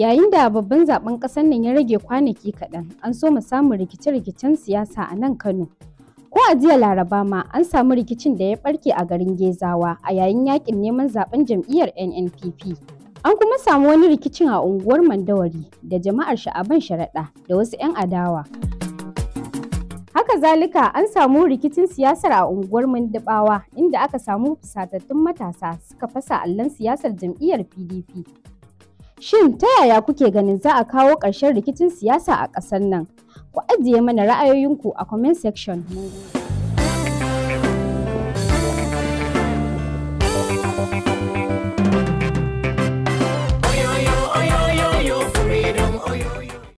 Yayin da babban zaben ƙasar nan ya rage kwanaki kaɗan, an so mu samu rikice-rikicen siyasa a nan Kano. Ko a jiya Laraba ma an samu rikicin da ya ɓarke a garin Gezawa a yayin yakin neman zaben jam'iyyar NNPP. An kuma samu wani rikicin a unguwar Mandawari da jama'ar Sha'aban Sharaɗa da wasu 'yan adawa. Haka zalika an samu rikicin siyasar a unguwar mandabawa inda aka samu fusatattun matasa suka fasa allon siyasar jam'iyyar PDP Shin ta yaya kuke ganin za a kawo ƙarshen rikicin siyasa a ƙasar nan? Ku ajiye mana ra'ayoyinku a comment section.